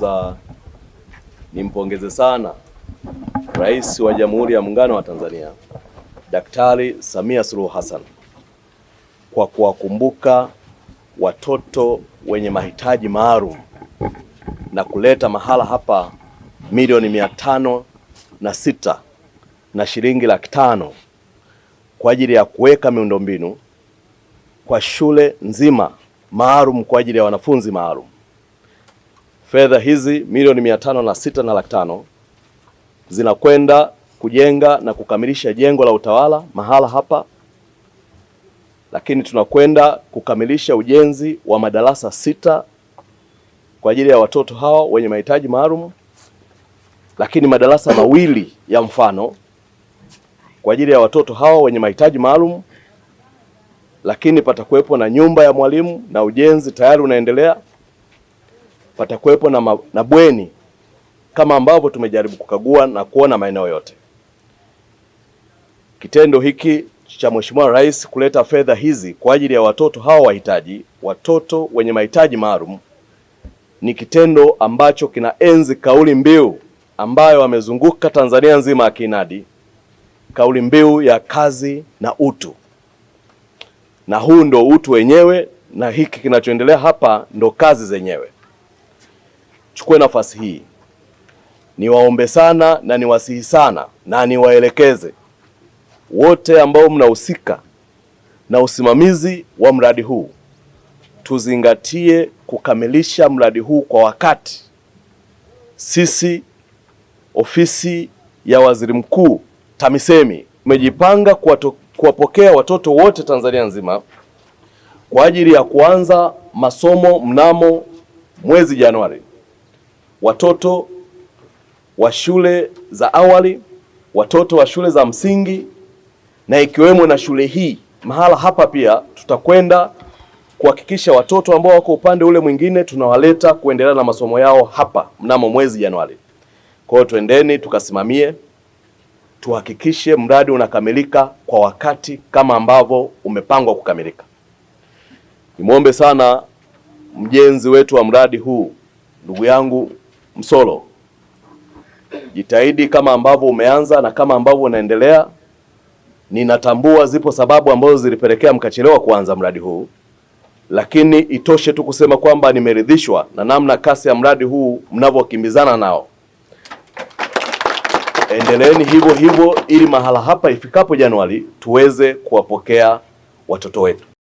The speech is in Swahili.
kwanza nimpongeze sana Rais wa Jamhuri ya Muungano wa Tanzania Daktari Samia Suluhu Hassan kwa kuwakumbuka watoto wenye mahitaji maalum na kuleta mahala hapa milioni mia tano na sita na shilingi laki tano kwa ajili ya kuweka miundombinu kwa shule nzima maalum kwa ajili ya wanafunzi maalum. Fedha hizi milioni mia tano na sita na laki tano zinakwenda kujenga na kukamilisha jengo la utawala mahala hapa, lakini tunakwenda kukamilisha ujenzi wa madarasa sita kwa ajili ya watoto hawa wenye mahitaji maalum, lakini madarasa mawili ya mfano kwa ajili ya watoto hawa wenye mahitaji maalum, lakini patakuwepo na nyumba ya mwalimu na ujenzi tayari unaendelea patakuwepo na, na bweni kama ambavyo tumejaribu kukagua na kuona maeneo yote. Kitendo hiki cha Mheshimiwa Rais kuleta fedha hizi kwa ajili ya watoto hawa wahitaji, watoto wenye mahitaji maalum ni kitendo ambacho kinaenzi kauli mbiu ambayo amezunguka Tanzania nzima akinadi kauli mbiu ya kazi na utu, na huu ndo utu wenyewe, na hiki kinachoendelea hapa ndo kazi zenyewe chukue nafasi hii niwaombe sana na niwasihi sana na niwaelekeze wote ambao mnahusika na usimamizi wa mradi huu, tuzingatie kukamilisha mradi huu kwa wakati. Sisi ofisi ya waziri mkuu TAMISEMI tumejipanga kuwapokea watoto wote Tanzania nzima kwa ajili ya kuanza masomo mnamo mwezi Januari watoto wa shule za awali, watoto wa shule za msingi na ikiwemo na shule hii. Mahala hapa pia tutakwenda kuhakikisha watoto ambao wako upande ule mwingine tunawaleta kuendelea na masomo yao hapa mnamo mwezi Januari. Kwa hiyo twendeni tukasimamie, tuhakikishe mradi unakamilika kwa wakati kama ambavyo umepangwa kukamilika. Nimwombe sana mjenzi wetu wa mradi huu ndugu yangu Msolo, jitahidi kama ambavyo umeanza na kama ambavyo unaendelea. Ninatambua zipo sababu ambazo zilipelekea mkachelewa kuanza mradi huu, lakini itoshe tu kusema kwamba nimeridhishwa na namna kasi ya mradi huu mnavyokimbizana nao. Endeleeni hivyo hivyo, ili mahala hapa ifikapo Januari tuweze kuwapokea watoto wetu.